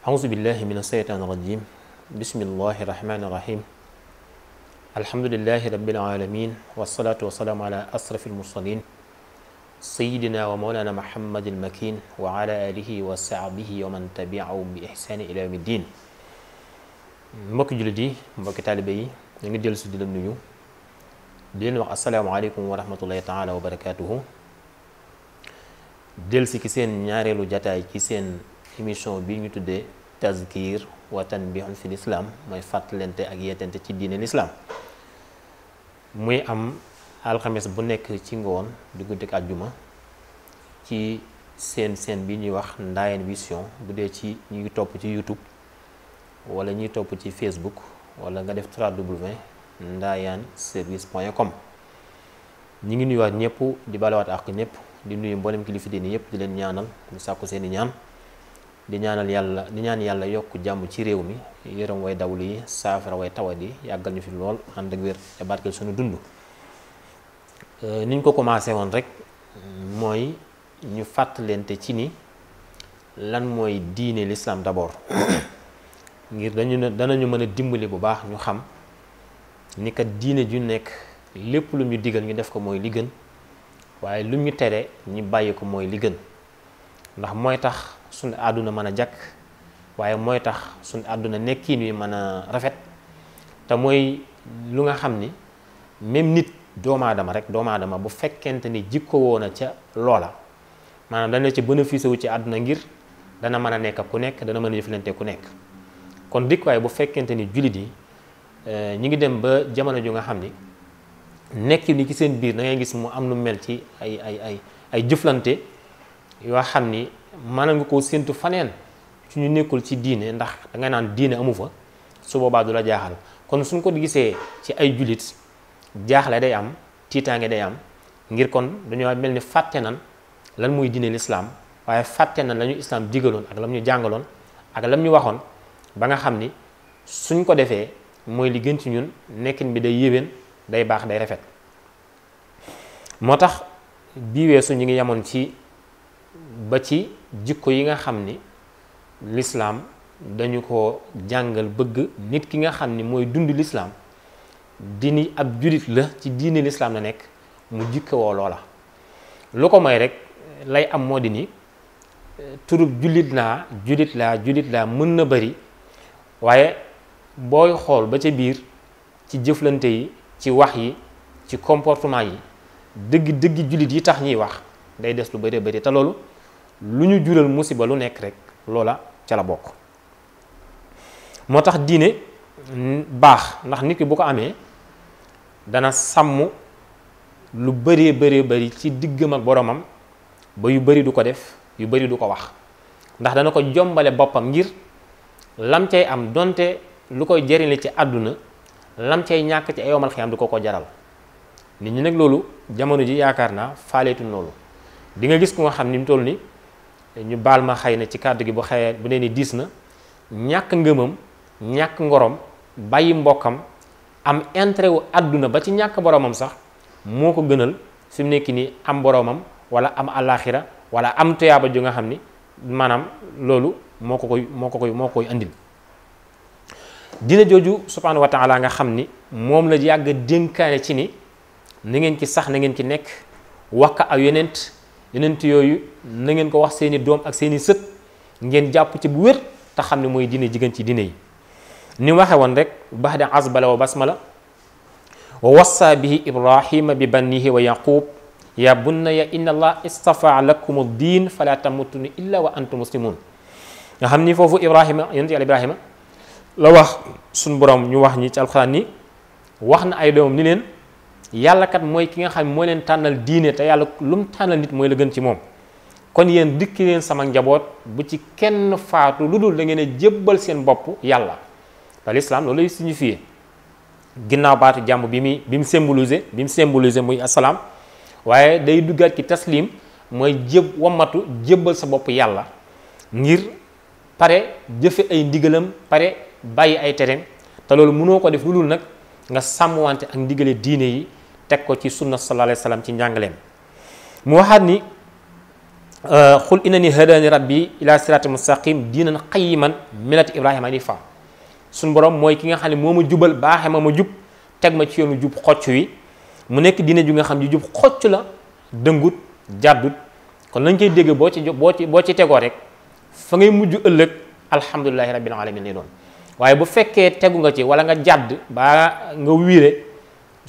أعوذ بالله من الشيطان الرجيم بسم الله الرحمن الرحيم الحمد لله رب العالمين والصلاة والسلام على أشرف المرسلين سيدنا ومولانا محمد المكين وعلى آله وصحبه ومن تبعهم بإحسان إلى يوم الدين mbokki jullit yi mbokki taalibe yi ñu ngi dellu si di leen nuyu di leen wax asalaamaaleykum wa rahmatullahi taala wa barakaatuhu dellu si ki seen ñaareelu jataay ci seen émission bi ñu tuddee tazkir wa tanbihun fi lislaam mooy fàttalente ak yeetente ci diine lislaam muy am alxames bu nekk ci ngoon diggante ak àjjuma ci seen seen bi ñuy wax Ndaayeen wission bu dee ci ñuy topp ci YouTube wala ñuy topp ci Facebook wala nga def 3w ndaayaan service point com ñi ngi wax ñëpp di balawaat ak ñëpp di nuyu mboolem kilifa diine yëpp di leen ñaanal di sàkku seeni ñaan di ñaanal yàlla di ñaan yàlla yokk jàmm ci réew mi yërëm way dawlu yi saafara way tawat yi yàggal ñu fi lool ànd ak wér te barkeel suñu dund euh, ni ñu ko commencé woon rek mooy ñu fàttalente ci ni lan mooy diine l'islam d'abord ngir dañu ne danañu mën a dimbali bu baax ñu xam ni kat diine ju nekk lépp lu ñu digal ñu def ko mooy li gën waaye lu ñu tere ñu bàyyi ko mooy li gën ndax mooy tax suñu àdduna mën a jàkk waaye mooy tax suñu àdduna nekkiin wi mën a rafet te mooy lu nga xam ni même nit doomu rek doomaadama bu fekkente ni jikko woon a ca loola maanaam dana ci bénéfice wu ci àdduna ngir dana mën a nekk ku nekk dana mën a jëflante ku nekk kon dikkuwaay bu fekkente ni jullit yi eh, ñu ngi dem ba jamono ju nga xam ni nekki ni ci seen biir dangay gis mu am lu mel ci ay ay ay ay jëflante yoo xam ni maanaam nga koo séntu faneen su ñu nekkul ci diine ndax da nga naan diine amu fa su boobaa du la jaaxal kon suñ ko gisee ci ay jullit jaaxle day am tiitaange day am ngir kon dañoo mel ni fàtte nan lan muy diine lislaam waaye fàtte nan la ñu islaam ak lam ñu jàngaloon ak lam ñu waxoon ba nga xam ni suñ ko defee mooy li gën ci ñun nekkin bi day yéwén day baax day rafet moo tax bii weesu ñu ngi yamoon ci ba ci jikko yi nga xam ni lislaam dañu ko jàngal bëgg nit ki nga xam ni mooy dund lislaam di ni ab julit la ci diine lislaam la nekk mu jikkowoo loola lu ko moy rek lay am moo di ni turub julit naa julit laa julit laa mën na bari waaye booy xool ba ca biir ci jëflante yi ci wax yi ci comportement yi dëgg dëgg julit yi tax ñuy wax day des lu bari bari te loolu lu ñu jural musiba lu nekk rek loola ca la bokk moo tax diine baax ndax nit ki bu ko amee dana sàmm lu bëree bëree bari ci diggam ak boromam ba yu bari du ko def yu bëri du ko wax ndax dana ko jombale boppam ngir lam cay am donte lu koy jëriñ ci àdduna lam cay ñàkk ci ayomal xiyam du ko ko jaral nit ñi nag loolu jamono ji yaakaar naa faaleetu loolu di nga gis ku nga xam ni mu toll ni ñu baal ma xëy na ci kàddu gi bu xëyee bu nee ni diis na ñàkk ngëmam ñàkk ngorom bàyyi mbokkam am intérêt wu àdduna ba ci ñàkk boromam sax moo ko gënal fi mu nekk nii am boromam wala am àllaaxira wala am tuyaaba ju nga xam ni maanaam loolu moo ko koy moo ko koy moo koy andil dina jooju subhaanahu wa taala nga xam ni moom la yàgg dénkaane ci ni na ngeen ci sax na ngeen ci nekk wax ko ak yonent yonent yooyu na ngeen ko wax seeni doom ak seeni sët ngeen jàpp ci bu wér te xam ne mooy diine jigéen ci diine yi ni waxe woon rek bax de asbala wa basmala wa wassa bi ibrahima bi bannihi wa yaqub ya bunaya inna allah istafa lakum diin fala tamutunna illa wa antum muslimun nga xam ni foofu ibrahima yonent yàlla ibrahima la wax suñ borom ñu wax ñi ci alxuraan ni wax na ay doomam ni leen yàlla kat mooy ki nga xam moo leen tànnal diine te yàlla lu mu tànnal nit mooy la gën ci moom kon yéen dikki leen sama njaboot bu ci kenn faatu lu dul da ngeen a jébbal seen bopp yàlla te lislaam loolu ginnaaw baatu jàmm bi muy bi mu symbolisé bi mu symbolisé muy asalaam waaye day duggaat ci taslim mooy jéb womatu jébbal sa bopp yàlla ngir pare jëfe ay ndigalam pare bàyyi ay tereem te loolu mënoo ko def lu dul nag nga sàmm wante ak ndigale diine yi teg ko ci sunna sallallahu alayhi wa ci njàngaleem mu waxaat ni xul euh, innani hadani rabbi ila sirati mustaqim diinan qayiman milati ibrahima fa suñ borom mooy ki nga xam ne moo ma jubal baaxe ma ma jub teg ma ci yoonu jub xocc wi mu nekk diine ju nga xam ne jub xocc la dëngut jàddut kon lañ koy dégg boo ci boo ci boo ci tegoo rek fa ngay mujj ëllëg alhamdulilahi rabbil alamin lay doon waaye bu fekkee tegu nga ci wala nga jàdd baa nga wiire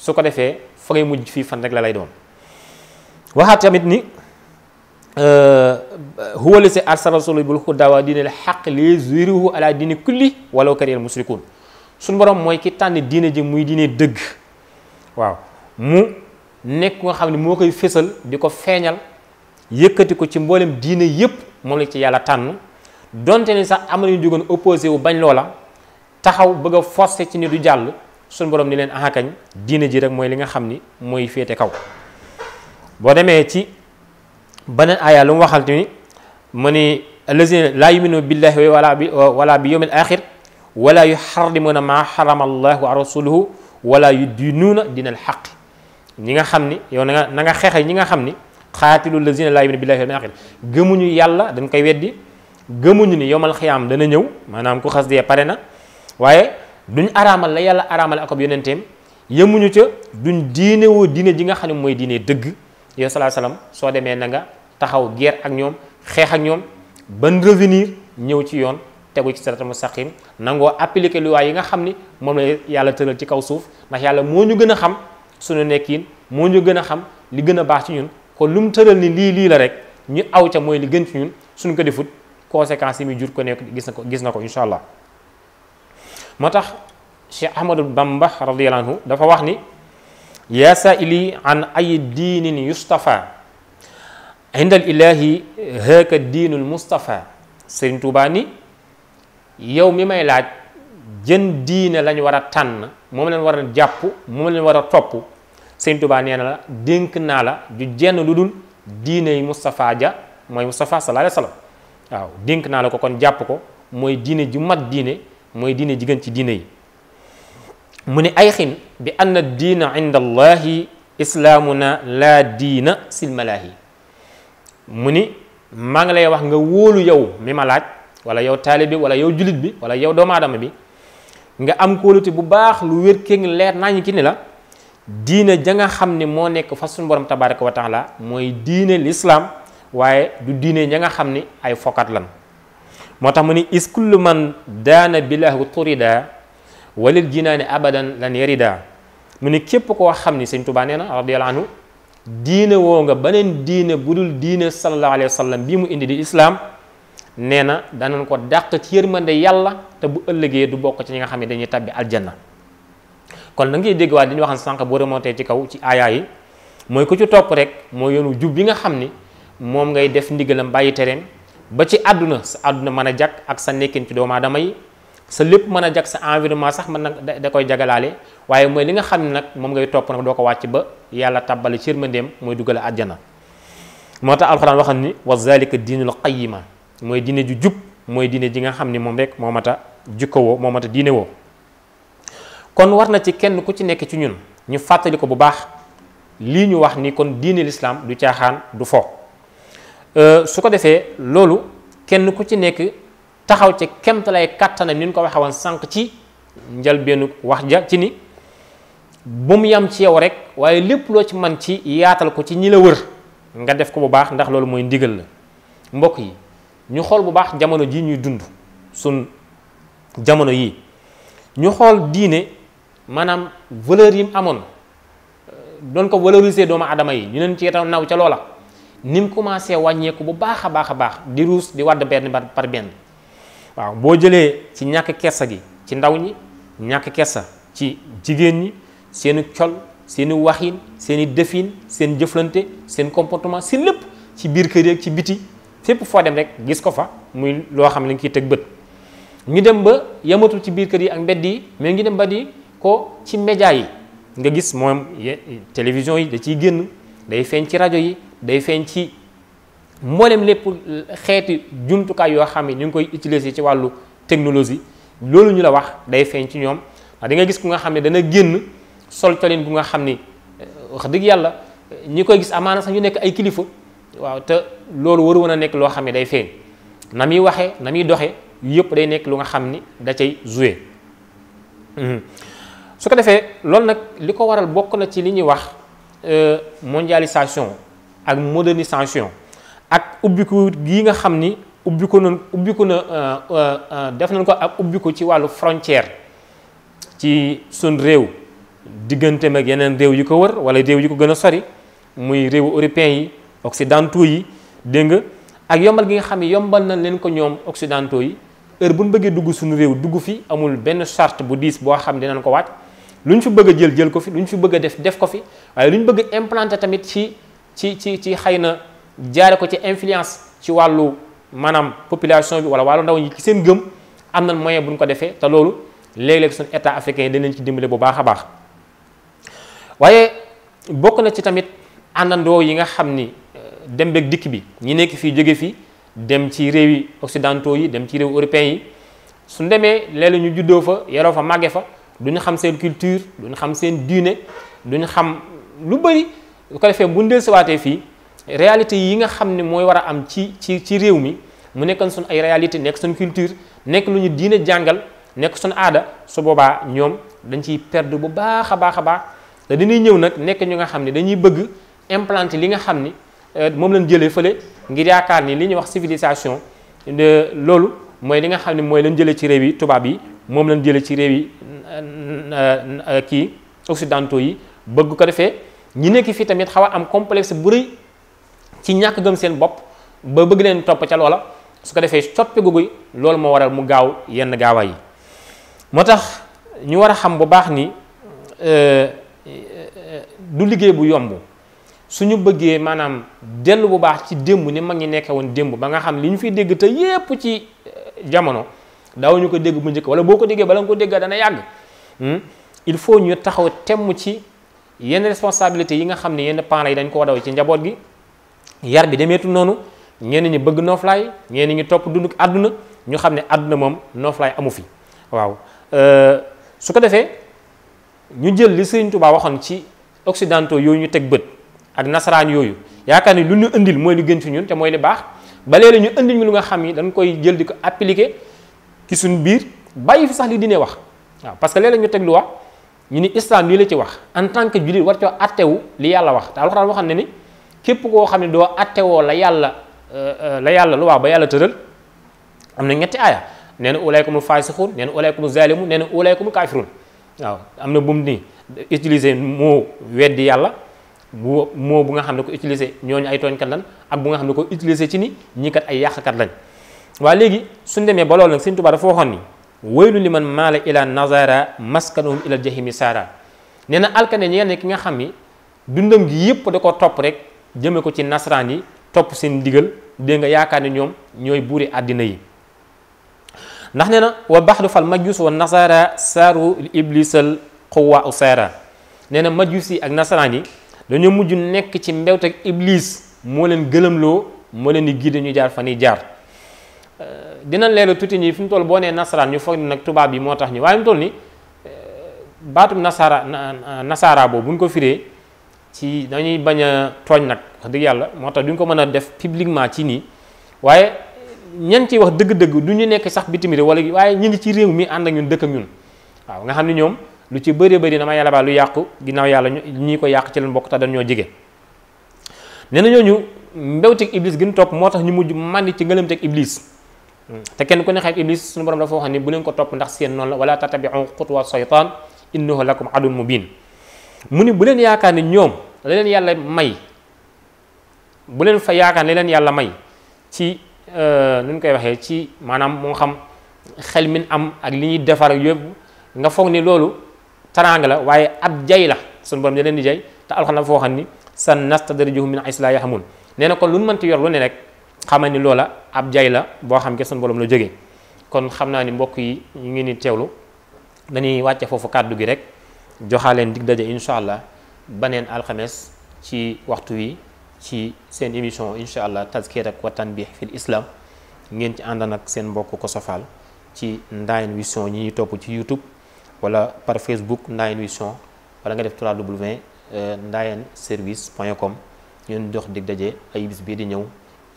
su ko defee fa ngay mujj fii fan rek la lay doon waxaat tamit ni euh, huwa lazi arsala rasulahu bil hudaa wa diinil haqq liyuzhirahu ala diini kulli walaw karihal mushrikuun suñu borom mooy ki tànn diine ji muy diine dëgg waaw mu nekk nga xam ne moo koy fësal di ko feeñal yëkkati ko ci mbooleem diine yépp moom la ci yàlla tànn donte ni sax am na ñu jógoon opposé wu bañ loola taxaw bëgg a ci ni du jàll suñ borom ni leen axakañ diine ji rek mooy li nga xam ni mooy féete kaw boo demee ci beneen aaya lu mu waxal ni mu ni allazina laa yuminu billahi wala bi wala bi yawmil axir wala yuxarrimuna maa xarama allahu wa rasuluhu wala yudinuuna dinal xaq ñi nga xam ni yow na nga na nga xeexe ñi nga xam ni xaatilu lazina laa yuminu billahi wala axir gëmuñu yàlla danga koy weddi gëmuñu ni yowmal xiyaam dana ñëw maanaam ku xas dee pare na waaye duñ araamal la yàlla araamal ako ab yonenteem yemuñu ca duñ diine woo diine ji nga xam ne mooy diine dëgg yow salaa salaam soo demee na nga taxaw guerre ak ñoom xeex ak ñoom ban revenir ñëw ci yoon tegu ci sa siraatal mustaqim nangoo appliquer luwaay yi nga xam ni moom la yàlla tëral ci kaw suuf ndax yàlla moo ñu gën a xam suñu nekkiin moo ñu gën a xam li gën a baax ci ñun kon lu mu tëral ni lii lii la rek ñu aw ca mooy li gën ci ñun suñu ko defut conséquences yi jur ko nekk gis na ko gis na ko incha allah moo tax Cheikh Ahmadou Bamba radiyallahu anhu dafa wax ni yaa saaili an ay diinin yustafa inda al ilahi haaka diinul mustafaa Sëriñ Tuubaa ni yow mi may laaj jën diine lañ war a tànn moom leen war jàpp moom leen war a topp Sëriñ Tuubaa nee na la dénk naa la ju jenn lu dul diine yi Mustafa ja mooy Mustafa sallallahu alayhi wa waaw dénk naa la ko kon jàpp ko mooy diine ju mat diine mooy diine jigéen ci diine yi mu ni ay xiin bi anna diina inda islaamu na laa diina silmalaahi mu ni maa ngi lay wax nga wóolu yow mi ma laaj wala yow taali bi wala yow julit bi wala yow doomu aadama bi nga am kóolute bu baax lu wér kéng leer naa ñu ki ni la diina janga xam ne moo nekk fa suñu borom tabaraka wa mooy diine lislaam waaye du diine ña nga xam ni ay fokat lan moo tax mu ni is kullu man daana bilahu turida walil jinaani abadan lan yarida mu ni képp koo xam ni sëñ Tuubaa nee na radiyallahu anhu diine woo nga beneen diine budul diine sallallahu alayhi wa bii mu indi di islaam nee na danañ ko dàq ci yërmande yàlla te bu ëllëgee du bokk ci ñi nga xam ne dañuy tabbi aljanna kon na ngay dégg waat dañuy waxan sànq boo remonté ci kaw ci aayaa yi mooy ku ci topp rek mooy yoonu jub bi nga xam ni moom ngay def ndigalam bàyyi tereem ba ci àdduna sa àdduna mën a jag ak sa nekkin ci doomu aadama yi sa lépp mën a jag sa environnement sax mën nag da koy jagalaale waaye mooy li nga xam ne nag moom ngay topp nag doo ko wàcc ba yàlla tàbbale ci yërmandeem mooy duggale àjjana moo tax alxuraan waxam ni wa zalika diinul qayima mooy diine ju jub mooy diine ji nga xam ni moom rek moo mat a jikko woo moo mat a diine woo kon war na ci kenn ku ci nekk ci ñun ñu fàttali ko bu baax lii ñu wax ni kon diine lislaam du caaxaan du fo Euh, su ko defee loolu kenn ku ci nekk taxaw ci kemtalay kàttanam ni ñu ko waxe woon sànq ci njëlbeenu wax ja ci ni bu yam ci yow rek waaye lépp loo ci man ci yaatal ko ci ñi la wër nga def ko bu baax ndax loolu mooy ndigal la mbokk yi ñu xool bu baax jamono ji ñuy dund sun jamono yii ñu xool diine maanaam valeur yi mu amoon euh, doon ko valoriser doomu adama yi ñu leen ci naw ca loola nim mu commencé wàññeeku bu baax a baax a baax di ruus di wadd benn par benn waaw boo jëlee ci ñàkk kersa gi ci ndaw ñi ñàkk kersa ci jigéen ñi seeni col seeni waxin seeni defin seen jëflante seen comportement si lépp ci biir kër yeeg ci biti fépp foo dem rek gis ko fa muy loo xam ne ngi ciy teg bët ñu dem ba yamatul ci biir kër yi ak mbedd yi mais ngi dem ba di ko ci média yi nga gis moom télévision yi da ciy génn day feeñ ci rajo yi day feeñ ci mboolem lépp xeeti jumtukaay yoo xam ne ñu ngi koy utiliser ci wàllu technologie loolu ñu la wax day feeñ ci ñoom ndax da nga gis ku nga xam ne dana génn sol colin bu nga xam ni euh, wax dëgg yàlla ñi koy gis amaana sax nekk ay kilifa waaw te loolu waru woon a nekk loo xam ne day feeñ na muy waxee na muy doxe yëpp day nekk lu nga xam ni da cay joué hmm. su ko defee loolu nag li ko waral bokk na ci li ñuy wax euh, mondialisation ak modernisation ak ubbiku gii nga xam ni ubbi ko noonu ubbi ko na euh, euh, euh, def nañ ko ak ubbi ko ci wàllu frontière ci sun réew diggante mag yeneen réew yi ko wër wala réew yi ko gën a sori muy réew européens yi occidentaux yi dégg nga ak yombal gi nga xam ne yombal nañ leen ko ñoom occidentaux yi heure bu ñu bëggee dugg suñu réew dugg fi amul benn charte bu diis boo xam dinañ ko waat lu ñu fi bëgg jël jël ko fi lu ñu fi bëgg a def def ko fi waaye lu ñu bëgg a ci ci ci xëy na jaare ko ci influence ci wàllu maanaam population bi wala wàllu ndaw ñi ci seen gëm am na moyen bu ñu ko defee te loolu léeg-léeg suñu état africain yi dinañ ci dimbale bu baax a baax waaye bokk na ci tamit àndandoo yi nga xam ni euh, dem beeg dikk bi ñi nekk fii jóge fii dem ci réew yi occidentaux yi dem ci réew européens yi suñ demee léeg ñu juddoo fa yaroo fa màgge fa du ñu xam seen culture duñu xam seen diine duñu xam lu bëri bu ko defee bu ñu dellusiwaatee fii réalité yi nga xam ne mooy war a am ci ci ci réew mi mu nekkoon suñ ay réalité nekk suñ culture nekk lu ñu diine jàngal nekk suñ aada su boobaa ñoom dañ ciy perdre bu baax a baax a baax dañuy ñëw nag nekk ñu nga xam ne dañuy bëgg implante li nga xam ni euh, moom lañ jëlee fële ngir yaakaar ni li ñuy wax civilisation loolu mooy li nga xam ne mooy lañ jëlee ci réew yi tubaab yi moom lañ jëlee ci réew yi euh, euh, kii occidentaux yi bëgg ko defee ñu nekk fii tamit xaw a am complexe bu rëy ci ñàkk gëm seen bopp ba bëgg leen topp ca loola su ko defee coppi guguy loolu moo waral mu gaaw yenn gaawaay yi moo tax ñu war a xam bu baax ni euh, du liggéey bu yomb suñu bëggee maanaam dellu bu baax ci démb ni mag ñi nekkee woon démb ba nga xam li ñu fiy dégg te yépp ci euh, jamono daawuñu ko dégg bu njëkk wala boo ko déggee bala nga ko dégg dana yàgg hmm? il faut ñu taxaw temm ci yenn responsabilité yi nga xam ne yenn parents yi dañ koo daw ci njaboot gi yar bi demeetul noonu ñenn ñi bëgg nooflaay ñenn ñi topp dund àdduna ñu xam ne àdduna moom nooflaay amu fi waaw euh, su ko defee ñu jël li Sëriñ Tuubaa waxoon ci occidentaux yooyu ñu teg bët ak nasaraan yooyu yaakaar ni lu ñu indil mooy lu gën fi ñun te mooy li baax ba léegi ñu indil ñu lu nga xam ni dañ koy jël di ko appliquer ci suñu biir bàyyi fi sax li diine wax waaw parce que léeg-léeg ñu teg ñu ni islam lii la ci wax en tant que jullit war coo attewu li yàlla wax te alxuraan waxam ne ni képp koo xam ne doo attewoo la yàlla euh, euh, la yàlla lu waaw ba yàlla tëral am na ñetti aaya nee na ulaykumul faasixuun nee mu ulaykumul zalimun nee na ulaykumul kaafiruun waaw am na bu mu nii utiliser moo weddi yàlla bu moo bu nga xam ne ko utiliser ñooñu ay tooñkat lan ak bu nga xam ne ko utiliser ci ni ñi kat ay yàqkat lañ waaye léegi suñ demee ba loolu nag Sëriñ Tuubaa waylu li man maala ila nazara maskanuhum ila jahimi saara nee na alkane ñenn ki nga xam ni dundam gi yëpp da ko topp rek jëme ko ci nasaraan yi topp seen ndigal dégg nga yaakaar ne ñoom ñooy buuri àddina yi ndax nee na baax baxdu fal majus wa nasara saaru li iblisal xuwa u saara nee na majus yi ak nasaraan yi dañoo mujj nekk ci mbewtek iblis moo leen gëlëmloo moo leen di gide ñu jaar fa ni jaar Euh, dina leeral tuuti ñi fi mu toll boo nee nasaraan ñu foog nag tubaab yi moo tax ñi waaye mu toll ni euh, baatum nasaara nasaara boobu buñ ko firee ci dañuy bañ tooñ nag dëgg yàlla moo tax duñ ko mën a def publiquement ci nii waaye ñan ci wax dëgg-dëgg du ñu nekk sax bitim réew waaye ñu ngi ci réew mi ànd ak ñun ak ñun waaw nga xam ne ñoom lu ci bëree bëri dama yàlla baa lu yàqu ginnaaw yàlla ñii ko yàq ci leen bokk te dañ ñoo jige nee na ñooñu mbewteeg gën topp moo tax ñu mujj màndi ci ngëlamteeg iblis te kenn ku ne xam iblis suñu borom dafa wax ni bu leen ko topp ndax seen noonu la wala tatabiu xutwa seytaan innahu lakum adun mubin mu ni bu leen yaakaar ni ñoom la leen yàlla may bu leen fa yaakaar ne leen yàlla may ci euh, nu ñu koy waxee ci maanaam moo xam xel min am ak li ñuy defar yëpp nga foog ni loolu taraanga la waaye ab jay la suñu borom da leen di jay te alxam dafa xam ni sa nastadrijuhum min aysu laa yaxamun nee na kon lu mu yor lu ne ab jay la boo xam ne sunu borom la jóge kon xam naa ni mbokk yi ñu ngi ni teewlu dañuy wàcce foofu kàddu gi rek joxaaleen dig daje incha allah baneen alxames ci waxtu wi ci seen émission incha allah tazkir ak wa tanbih fil islam ngeen ci ànd àndan ak seen mbokk ko sofal ci Ndayane Vision ñi ñuy topp ci youtube wala par facebook Ndayane Vision wala nga def 3w euh, ndayen service point com ñun jox dig daje ay bii di ñëw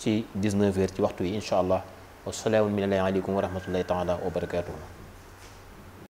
ci 19 heures ci waxtu yi incha allah wasalaamun minalahi aleykum wa rahmatullahi taala wa barakatuhu